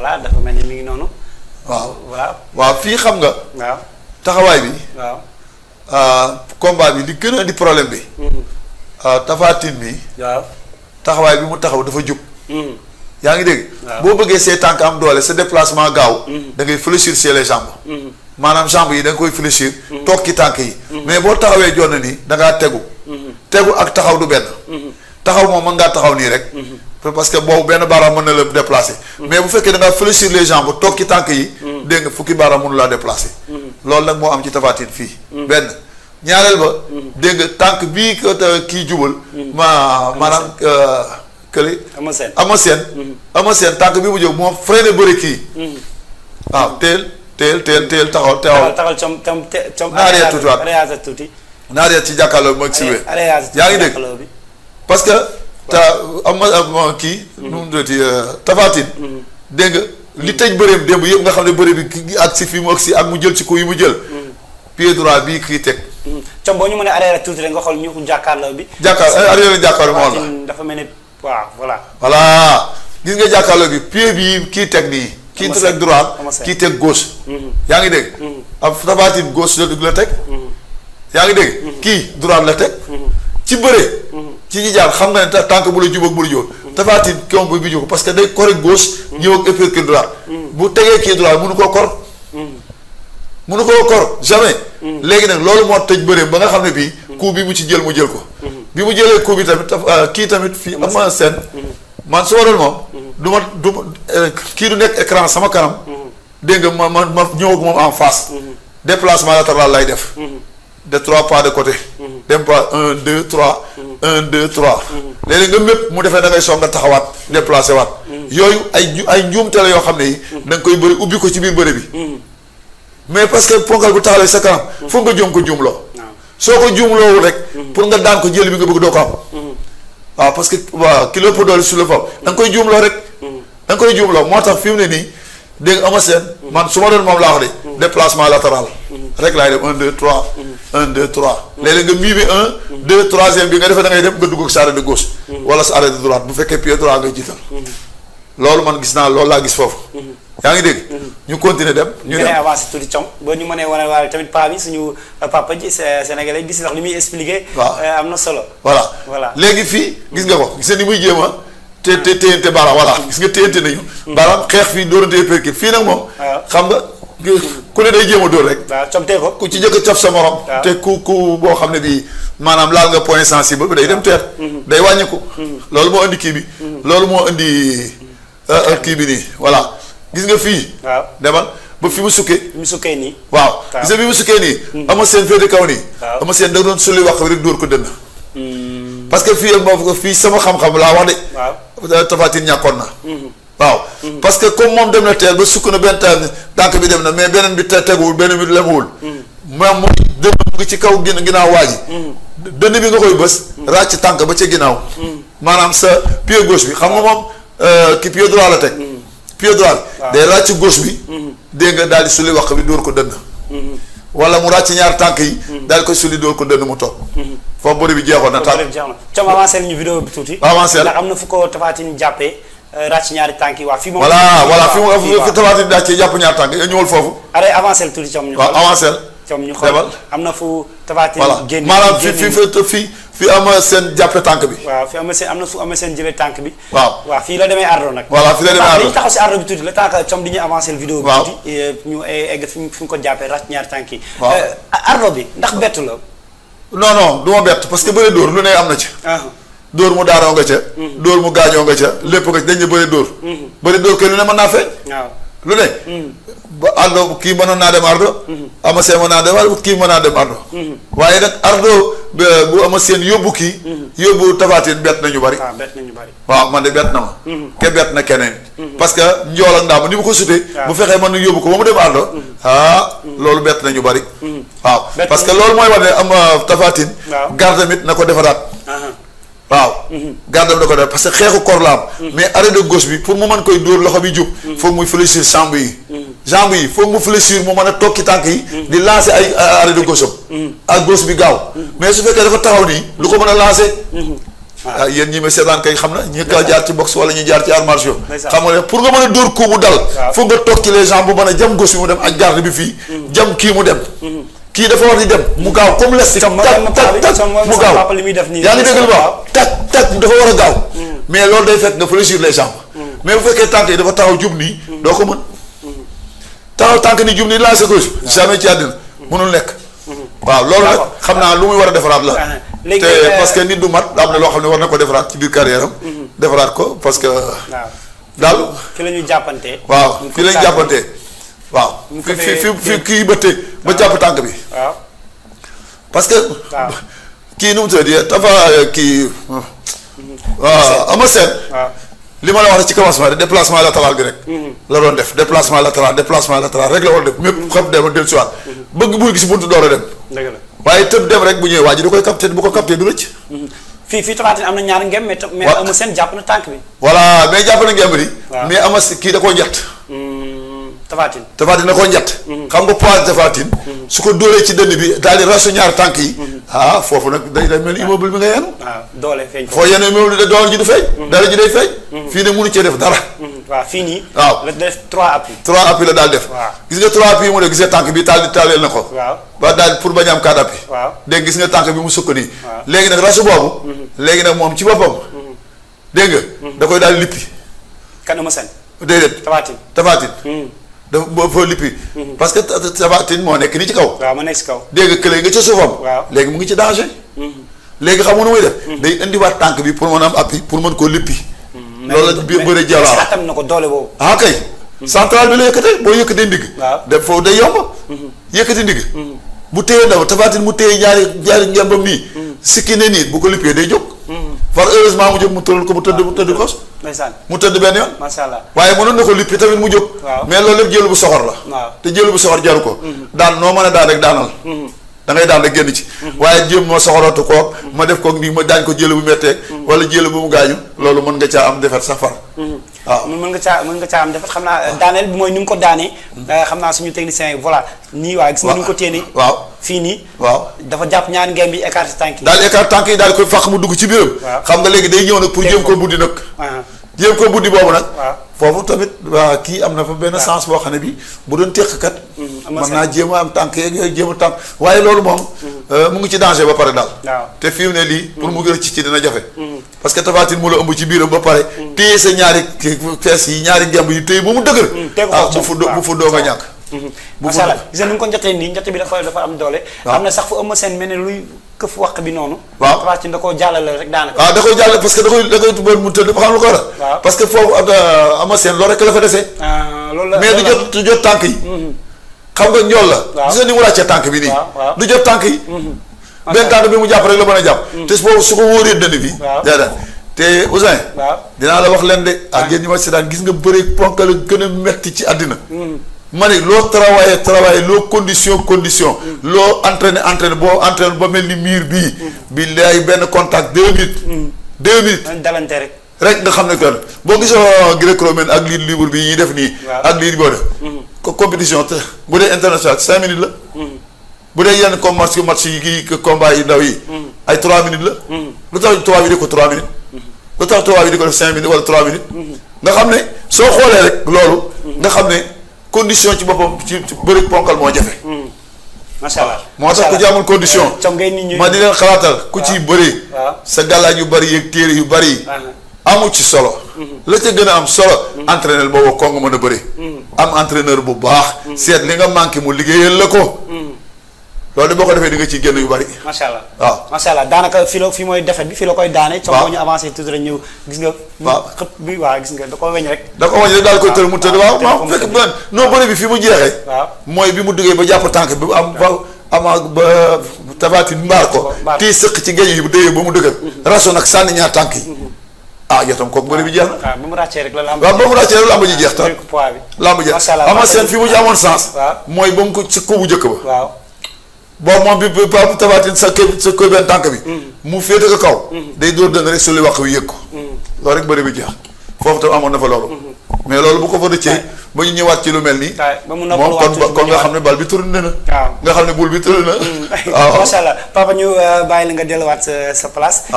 voilà dafa mel mi ngi noonu. waaw waaw waaw fii xam nga. taxawaay bi. waaw ah, combat bi li gën a di problème bi. Hmm. Ah, Tapha bi. waaw taxawaay bi mu taxaw dafa jub. Hmm. yaa ngi dégg. boo bëggee say tànk am doole sa déplacement gaaw. Hmm. dangay ngay fléchir sur les jambes. maanaam jambes yi da koy fléchir. toog tànk yi. mais boo taxawee jonn nii dangaa tegu. tegu ak taxaw du benn. taxaw moom mën ngaa taxaw nii rek. parce que boobu benn baaraam mën na la déplacer. Mm. mais bu fekkee da nga fléchir les jambes toog ci tànk yi. Mm. dégg nga fukki baaraam mënu laa déplacer. Mm. loolu nag moo am ci Tapha Tine fii. benn ñaareel ba. dégg tànk bii que kii jubal. ma maanaam euh, kële. ama seen ama seen. ama seen tànk bii mu jóg moo freiné bëri kii. waaw teel teel teel taxaw taxaw. taxaw tam tam tam. naareel ci jàkkaarloo bi ci wér yaa ngi dégg parce am ma kii. nu mu doon ci Tafatine. li tëj bëreem démb yëpp nga xam ne bëre bi ki ak si fi mu ak si ak mu jël ci ko yi mu jël. Mm-hmm. pied droit bii kii teg. comme mm-hmm. ñu mënee arrière tuuti rek nga xool ñu ko jàkkaarloo bi. jàkkaarloo eh, arrière jàkkaarloo moom la dafa mel ni waaw voilà. voilà gis nga jàkkaarloo bi pied bii kii teg nii. kii teg droite kii teg gauche. Mm-hmm. yaa ngi dégg. am Tafatine gauche la dugg la teg. yaa ngi dégg. kii droite la teg. ci bëre. ci ñi jàpp xam nga ne tànk bu la jub ak bu la jóor tafaatin koom bi bi ko parce que day kore gauche ñëw ak uppercut droit bu tegee kii droit mënu koo kor mënu koo kor jamais léegi nag loolu moo tëj bëreem ba nga xam ne bii coup bi mu ci jël mu jël ko bi mu jëlee coup bi tamit euh, kii tamit fii am na seen man su ma doon moom du ma du euh, kii du nekk écran sama kanam dégg ma ma ma moom en face déplacement latéral lay def de trois pas de côté. Mm-hmm. dem pas un deux trois. Mm-hmm. un deux trois. Mm-hmm. léeg nga mépp mu defee da ngay soog a taxawaat déplacé waat. yooyu ay ay njuumte la yoo xam ne yi. da nga koy bëri ubbi ko ci biir bëri bi. mais parce que ponkal bu taxawee sa kanam. foog nga joom ko juumloo. soo ko juumloowul rek. pour nga daan ko jël bi nga bëgg doo ko am. waaw parce que waaw kilo pour doole sur le fab da nga koy juumloo rek. da nga koy juumloo moo tax fi mu ne nii dégg nga ama seen. man su ma doon moom laa wax de. déplacement un deux trois. léeg-léeg nga miime un. deux troisième bi nga defe da ngay dem nga dugg ak sa arrêt de gauche. wala sa arrêt de droite bu fekkee pied droit ngay jiital. loolu man gis naa loolu laa gis foofu. yaa ngi dégg. ñu continuer dem. ñu dem avancé tuuti cong ba ñu mënee wane waaye tamit paa bi suñu euh, papa ji euh, sénégalais gis ndax li muy euh, am na solo. voilà voilà léegi fii gis nga ko gis ni muy jéem a te te téyante baaraam voilà gis nga téyante nañu. baaraam xeex fii dóorante perkir fii nag moom. xam nga. ku ne day jéem a dóor rek. waaw ku ci njëkk a sa morom. te ku ku boo xam ne bii maanaam laal nga point sensible bi day dem teer. Mm-hmm. day wàññiku. Mm-hmm. loolu moo indi kii bi. Mm-hmm. loolu moo indi euh, kii bi nii voilà gis nga fii. demal ba fi mu sukkee. mu sukkee nii. waaw gis nga bi mu sukkee nii. ama seen kaw nii. waaw ama seen da doon sulli wax rek dóor ko dënn. parce que fii ak moom fii sama xam-xam laa wax de. waaw Tapha Tine ñàkkoon na. waaw. parce que comme moom dem na teel ba sukk na benn tànk bi dem na mais beneen bi te teguwul beneen bi lemuwul. moom mooy dem ngi ci kaw gin ginnaaw waa ji. dënn bi nga koy bës. ràcc tànk ba ca ginnaaw. maanaam sa pied gauche bi xam nga moom euh, ki pied droit la teg. pied droit day ci gauche bi. dégg daal di sulli wax bi dóor ko dënn. wala mu ci ñaar tànk yi. daal ko sulli dóor ko dënn mu toog. foofu bëri bi jeexoon na tànk. bëri bi jeexoon na comme avancé nañu vidéo bi am na fu ko Tapha Tine jàppee. Euh, ràcc ñaari tànk yi waa fii moom. voilà voilà fi mu Tapha Tine ci jàpp ñaari tànk yi ñëwal foofu. arrêté avancé la tuuti ñu. waaw avancé comme ñu xool am na fu. Tapha Tine génn maanaam fi fi fi fi am seen jàppe tànk bi. waaw fi am seen am na fu am seen jëlee tànk bi. waaw waaw fii la demee ardo nag. voilà fii la demee ardo dañu taxaw si ardo bi tuuti la tant que comme di ñu avancé vidéo bi tuuti euh, ñu egg fi ñu ko jàppee ràcc ñaari tànk yi. waaw euh, ardo bi ndax bett la. non non du ma bett parce que bëri dóor lu ne am na ci. Ah. dóor mu daanoo nga ca. Mhm. dóor mu gaañoo nga ca lépp nga ca dañ ne bëri dóor. Mhm. bëri dóor kenn lu ne mën naa feeñ. lu ne. Mhm. ba ardo kii mënoon naa dem ardo. ama seen mën naa dem ardo kii mën naa dem ardo. waaye nag ardo bu ama seen yóbbu kii. yóbbu tafaatin bett na ñu waaw ah, bett nañu bari. waaw man de bett na ma. ke bett na keneen. parce que njool ak ndaam ni bu ko sutee. Ah. bu fexee mën na yóbbu ko ba mu dem ardo. ah loolu bett nañu bari. waaw parce que loolu mooy wane am tafaatin. waaw gar tamit na ko defaraat. waaw. Mhm. gardam da ko def parce que xeexu kor la mhm. mais arrêt de gauche bi pour mu mën koy dóor loxo bi jub. Mhm. foog muy fléchir jambe yi. jambe yi foog mu fléchir mu man a tokki tànk yi. di lancer ay arrêt de gauche bi gaaw. mais su fekkee dafa taxaw nii lu ko mën a lancer. waaw ah, yéen ñi ma seetaan kay xam na ñi ka jaar ci boxe wala ñu jaar ci arts xam nga ne pour nga mën a dóor kuu bu dal foog nga toog ci les bu mën a jam gauche bi mu dem ak garde bi fii jam kii mu dem kii dafa war di dem mu gaaw comme les. si tak tak tak mu gaaw yaa ngi dégg lu baax tak tak dafa war a gaaw. Mm. mais loolu day fekk nga fléchir les jambes. Mm. mais bu fekkee tànk yi dafa taxaw jub nii. Mm. doo ko mën. taxaw tànk ni jub nii laaj sa gauche. jamais ci àddina mënul nekk. waaw loolu nag xam naa lu muy war a defaraat la. Ah, léegi te euh, parce nit du mat am na loo xam ne war na ko defaraat ci biir carrière am. Mm-hmm. defaraat ko parce que. daal fi la ñu jàppante. waaw fi la ñu jàppante. waaw fi fi fi kii bëtte ba jàpp tànk bi. waaw parce que. kii nu mu tuddati dafa euh, kii. waaw ama seen. li ma la wax rek ci commencement de déplacement latéral bi rek. Mhm. la doon def déplacement latéral déplacement rek la war def ñëpp mhm. xam dem dellu si waat mhm. bëgg bu gis buntu door a dem. dëgg la waaye tëb dem rek bu ñëwee waa ji da koy capté bu ko capté du rëcc. fii fii Tapha Tine am na ñaar ngem mais. mais ama seen jàpp na tànk bi. voilà mais jàpp na ngem bi. mais ama kii da koo njett. tafaatin tafaatin da koo njatt. Mhm. xam nga poids mhm. su ko dóoree ci dënn bi daal di rasu ñaar tànk yi. Mhm. ah foofu nag day day mel ni ah. immeuble bi nga yenu. waaw ah, doole feeñ. foo yenn immeuble da doole ji du feeñ. dara ji day feeñ. fii ne mënu cee def dara. waaw fii nii. trois appui. trois appui la daal def. gis nga trois bi taal ko. waaw ba a am quatre appui. waaw dégg gis nga tànk bi mu sukk nii. léegi nag rasu boobu. léegi nag moom ci boppam. dégg da koy daal lippi. kan ma seen. déedéet tafaatin dafa boo lippi. Mhm. parce que Tapha moo nekk nii ci kaw. waaw ma nekk ci dégg nga kële nga ca suufam. léegi mu ngi ci danger. Mhm. léegi xam nga nu muy def. Mhm. day indiwaat tànk bi pour mën a am appui pour mën koo lippi. loolu la biir bëre am na ko doole boobu. ah kay. central bi la yëkkatee boo yëkkatee ndigg. waaw def foofu day yomb. yëkkati ndigg. bu téye ndaw Tapha Tine mu téye ñaari ñaari ngembam nii. sikki ne nii bu ko lippee day jóg. far heureusement mu jóg mu tëral ko mu tëdd mu tëdd kos mu tëdd benn yoon macha allah waaye mënoon na ko lippi tamit mu jóg mais loolu lépp jëlu bu soxor la waaw te jëlu bu soxor jaru ko mm-hmm. daan noo mën a daan rek daanal mm-hmm. da ngay daan rek génn ci mm-hmm. waaye jéem moo soxorootu koog ma def koog nii ma daañ loolu mën nga caa am defar sax far waaw ah. nga caa mën nga caa am defar xam naa ah. daaneel bi mooy ni nga ko daanee eh, naa suñu technicien yi voilà nii waaw gis nga ni nga waaw fii nii waaw dafa jàpp ñaan ngeen bi écarté tànk yi daal écarté tànk yi daal ko fàq mu dugg ci biiram xam nga léegi day ñëw nag pour jéem koo buddi nag yëpp ko buddi boobu nag. foofu tamit kii am na fa benn sens boo xam ne bi bu doon téqkat mm-hmm. mën naa jéem a am tànk yeeg yooyu jéem a tànk waaye loolu moom mm-hmm. euh, mu ngi ci danger ba pare daal te fi mu ne lii pour mu gën mm-hmm. ci ci dina jafe parce que Tapha Tine mu la ëmb ci biiram ba pare téye sa ñaari fees yi ñaari ngemb yi téye ba mu dëgër ah, waaw bu fu bu fu doo nga ñàkk bu fu gis ni nga ko njatee nii njate bi dafa dafa am doole am na sax fu ëmb seen mel ne luy këf wax bi noonu. waaw waaw da koo jàllale parce que da koy da koy tubaab mu tëdd xam lu ko war a. parce que foofu am na seen loolu rek la fa dese. Ah, loolu mais du jot tànk yi. Mhm. xam nga njool la. waaw gis nga mu ràccee tànk bi nii. du jot tànk yi. Mhm. benn tànk bi mu jàpp rek la mën a jàpp. Mhm. te su ko wóoree dënn bi. te Ousin. dinaa la wax leen de. ak ah. yéen ñu ma si daan gis nga bëri ponk la gën a metti ci àddina ma ne loo travailler travailler loo condition condition loo entraîner entraîner boo entraîner ba mel ni miir bii billaay benn contact deux minutes deux minutes dalante rek rek nga xam ne que boo gisoo gréco-romaine ak lutte libre bi ñuy def nii ak lutte boo def mhm. compétition te bu dee international cinq minutes la mhm. bu dee yenn comme match match yi kii combat yi ndaw yi mhm. ay trois minutes la lu tax tubaab yi di ko trois minutes lu tax tubaab yi di ko def cinq minutes wala trois minutes nga xam ne soo xoolee rek loolu nga xam ne condition ci boppam ci bëri ponkal moo jafe. Hmm. macha allah moo tax ku ci amul condition. Eh, ma di leen xalaatal ku ah. ciy bëri. Ah. sa gàllaaj yu bëri yeeg téere yu bëri. Ah. amu ci solo. Hmm. la ca gën a am solo. Hmm. entraîneur boobu ko nga mën a bëri. am entraîneur bu baax. seet li nga manqué mu liggéeyal la ko. loolu boo ko defee di nga ciy génn yu bari. macha fi la fi mooy defet bi fi la koy daane. waaw soo ñu avancé toujours rek bi waaw gis nga da ko weñ rek. daal koy tër mu tëdd. waaw waaw fekk bu non bëre bi fi mu jeexee. waaw mooy bi mu duggee ba jàpp tànk bi am ba ama ba tabaati mbaar ko. tii sëq ci géej yi bu déyee ba mu dëgër. Mhm. rasoon ak sànni ñaar tànk yi. Mhm. ah jotam kooku bëri bi jeex na. Ah, waaw ba mu ràccee rek la lamb waaw ba mu ràccee rek lamb ji jeex tam. lamb ji jeex ama fi mu amoon sens. mooy ba mu ko ci ko bu jëkk ba. boobu moom bi bi ba tabatin sa kii sa koy benn tànk bi. Mm. mu féete ko kaw. Mm. day dóor dënn rek su li wax wi yëg ko. Mm. loolu rek bëri bi jeex foofu tam amoon na fa loolu. Mm-hmm. mais loolu bu ko fa rëccee. ba ñu ñëwaat ci lu mel nii. moom kon kon nga xam ne bal bi tourné na. waaw nga xam ne bul bi tourné na. waaw ah. macha allah papa ñu euh, bàyyi la nga delluwaat sa sa place. Ah.